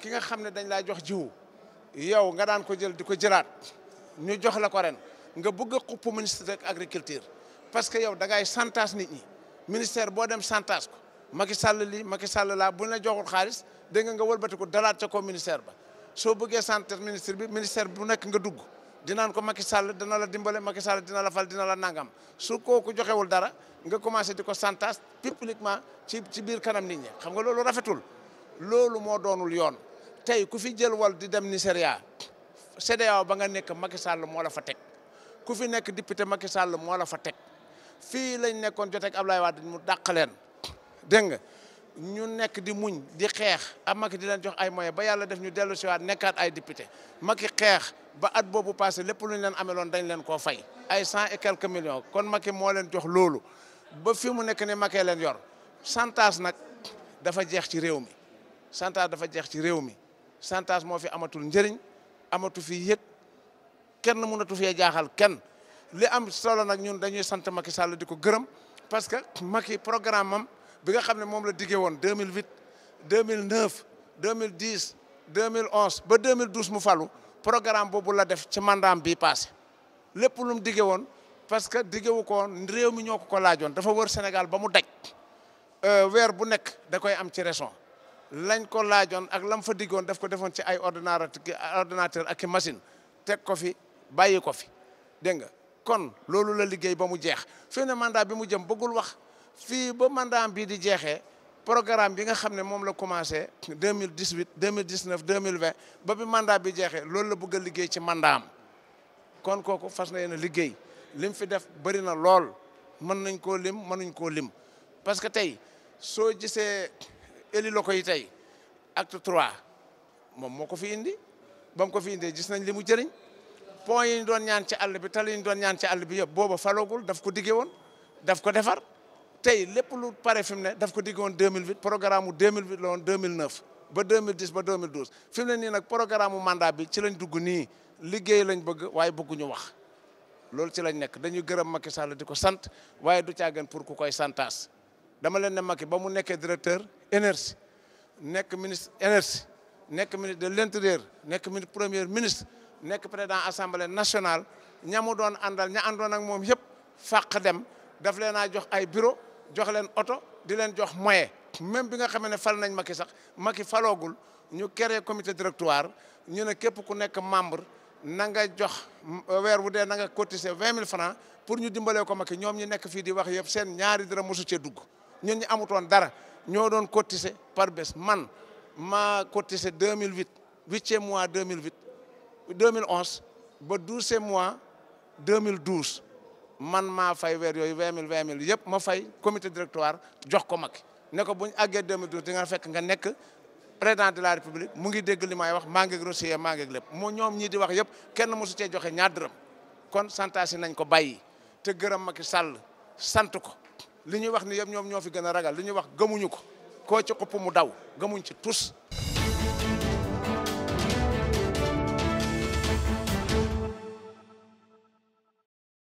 ki nga xam ne dañ laa jox jiw yow nga daan ko jël di ko jëlaat ñu jox la ko ren nga bëgg a xupp ministre rek agriculture parce que yow da ngay santaas nit ñi ministère boo dem santaas ko Macky Sall lii Macky Sall laa bu la joxul xaalis dégg nga wëlbatiku dalaat ca ko ministère ba soo bëggee santaas ministre bi ministère bu nekk nga dugg dinaan ko Macky Sall dina la dimbale Macky Sall dina la fal dina la nangam su kooku joxewul dara nga commencé di ko santaas publiquement ci ci biir kanam nit ñi xam nga loolu rafetul loolu moo doonul yoon tey ku fi jël wal di dem Nigéria CEDEAO ba nga nekk Macky sàll moo la fa teg ku fi nekk député Macky sàll moo la fa teg fii lañ nekkoon jotee ak Ablaye Wade mu dàq leen dégg nga ñu nekk di muñ di xeex am Macky di leen jox ay moyens ba yàlla def ñu dellu siwaat nekkaat ay député Macky xeex ba at boobu passé lépp lu ñu leen ameloon dañ leen koo fay ay cent et quelques millions kon Macky moo leen jox loolu ba fi mu nekk ne Macky leen yor chantage nag dafa jeex ci réew mi chantage dafa jeex ci réew mi chantage moo fi amatul njëriñ amatu fi yëg kenn mënatu fee jaaxal kenn li am solo nag ñun dañuy sant Macky Sall di ko gërëm parce que Macky programme am bi nga xam ne moom la diggee woon 2008 2009 2010 2011 ba 2012 mu falu programme boobu la def ci mandaam bi passé lépp lu mu diggee woon parce que diggewu ko woon réew mi ñoo ko ko laajoon dafa wër Sénégal ba mu daj euh, weer bu nekk da koy am ci raison. lañ ko laajoon ak lam fa diggoon daf ko defoon ci ay ordinateur ak i machine teg ko fi bàyyi ko fi dégg nga kon loolu la liggéey ba mu jeex fii ne mandat bi mu jëm bëggul wax fii ba mandat bii di jeexee programme bi nga xam ne moom la commencé 2018 2019 2020 ba bi mandat bi jeexee loolu la bëgg liggéey ci mandat am kon kooku fas na yéene liggéey lim fi def bëri na lool mën nañ koo lim mënuñ koo lim parce tey soo gisee. éli la yi tey acte trois moom moo ko fi indi ba mu ko fi indee gis nañ li mu jëriñ pont yi ñu doon ñaan ci àll bi tal yi ñu doon ñaan ci àll bi yëpp booba falogul daf ko diggee woon daf ko defar tey lépp lu pare fi ne daf ko diggee woon 2008 programme mu 2008 la woon 2009 ba 2010 ba 2012 fi mu ne nii nag programme mu mandat bi ci lañ dugg nii liggéey lañ bëgg waaye bëgguñu wax loolu ci lañ nekk dañuy gërëm Macky Sall di ko sant waaye du caagan pour ku koy santaas. dama leen ne Macky ba mu nekkee directeur énergie nekk ministre énergie nekk ministre de l'intérieur nekk ministre premier ministre nekk président assemblée nationale ña mu doon àndal ña àndoon ak moom yëpp fàq dem daf leen a jox ay bureau jox leen oto di leen jox moyen même bi nga xamee ne fal nañ Macky sax Macky faloogul ñu créé comité directoire ñu ne képp ku nekk membre na nga jox euh, weer wu dee na nga cotiser vingt mille francs pour ñu dimbalee ko Macky ñoom ñi nekk fii di wax yëpp seen ñaari dara mosu cee dugg ñun ñu amutoon dara ñoo doon cotiser par bés man maa cotiser 2008 huitième mois 2008 2011 ba douzième mois 2012 man maa fay weer yooyu vingt mille vingt mille yëpp ma fay comité directoire jox ko Macky ne ko bu ñu àggee 2012 di nga fekk nga nekk présent de la république mu ngi dégg li may wax maa ngi grossier maa ngi lépp moo ñoom ñii di wax yëpp kenn mosu cee joxe ñaar dërëm kon santaasi nañ ko bàyyi te gërëm Macky Sall sant ko. li ñuy wax ni yëpp ñoom ñoo fi gën a ragal li ñuy wax gëmuñu ko koo ci xupp mu daw gëmuñ ci tus